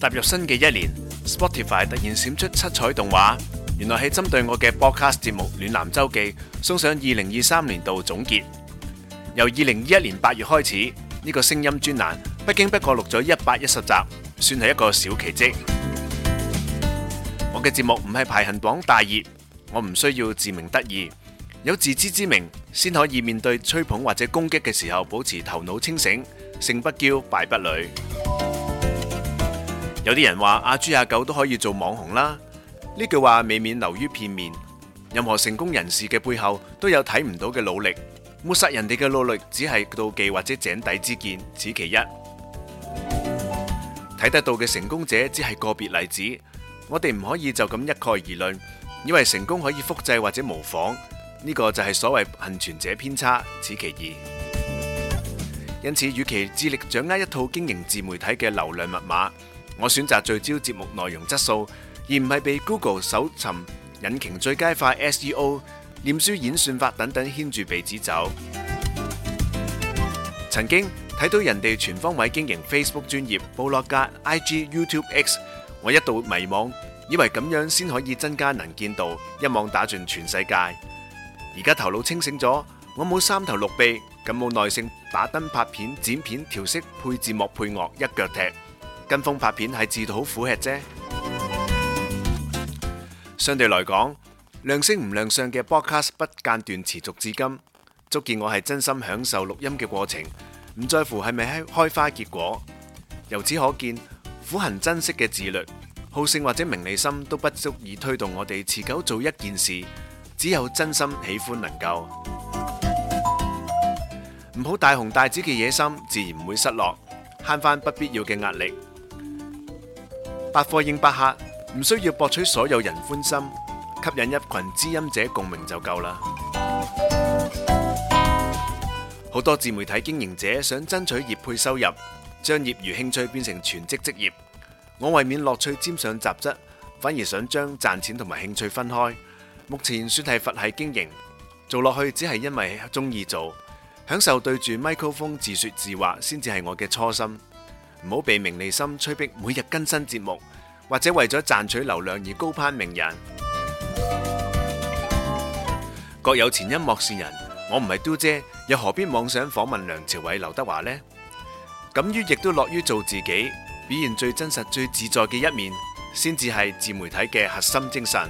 踏入新嘅一年，Spotify 突然閃出七彩動畫，原來係針對我嘅 Podcast 節目《暖男周記》送上二零二三年度總結。由二零二一年八月開始，呢、這個聲音專欄不經不覺錄咗一百一十集，算係一個小奇迹。我嘅節目唔係排行榜大熱，我唔需要自鳴得意，有自知之明先可以面對吹捧或者攻擊嘅時候，保持頭腦清醒，勝不驕，敗不餒。有啲人話阿、啊、豬阿、啊、狗都可以做網紅啦，呢句話未免流於片面。任何成功人士嘅背後都有睇唔到嘅努力，抹殺人哋嘅努力只係妒忌或者井底之見，此其一。睇得到嘅成功者只係個別例子，我哋唔可以就咁一概而論，以為成功可以複製或者模仿，呢、這個就係所謂倖存者偏差，此其二。因此，與其致力掌握一套經營自媒體嘅流量密碼，我選擇聚焦節目內容質素，而唔係被 Google 搜尋引擎最佳化 SEO 臉書演算法等等牽住鼻子走。曾經睇到人哋全方位經營 Facebook 專業布落格 IGYouTube X，我一度迷惘，以為咁樣先可以增加能見度，一網打盡全世界。而家頭腦清醒咗，我冇三頭六臂，更冇耐性打燈拍片、剪片、調色、配字幕、配樂，一腳踢。跟風拍片係自討苦吃啫。相對來講，亮聲唔亮相嘅 Podcast 不間斷持續至今，足見我係真心享受錄音嘅過程，唔在乎係咪開花結果。由此可見，苦行僧式嘅自律、好勝或者名利心都不足以推動我哋持久做一件事，只有真心喜歡能夠。唔好大紅大紫嘅野心，自然唔會失落，慳返不必要嘅壓力。百貨應百客，唔需要博取所有人歡心，吸引一群知音者共鳴就夠啦。好多自媒體經營者想爭取業配收入，將業餘興趣變成全職職業。我為免樂趣沾上雜質，反而想將賺錢同埋興趣分開。目前算係佛系經營，做落去只係因為鍾意做，享受對住 microphone 自説自話，先至係我嘅初心。唔好被名利心催逼，每日更新節目，或者為咗賺取流量而高攀名人。各有前因莫羨人，我唔係 Do 姐，又何必妄想訪問梁朝偉、劉德華呢？敢於亦都樂於做自己，表現最真實、最自在嘅一面，先至係自媒體嘅核心精神。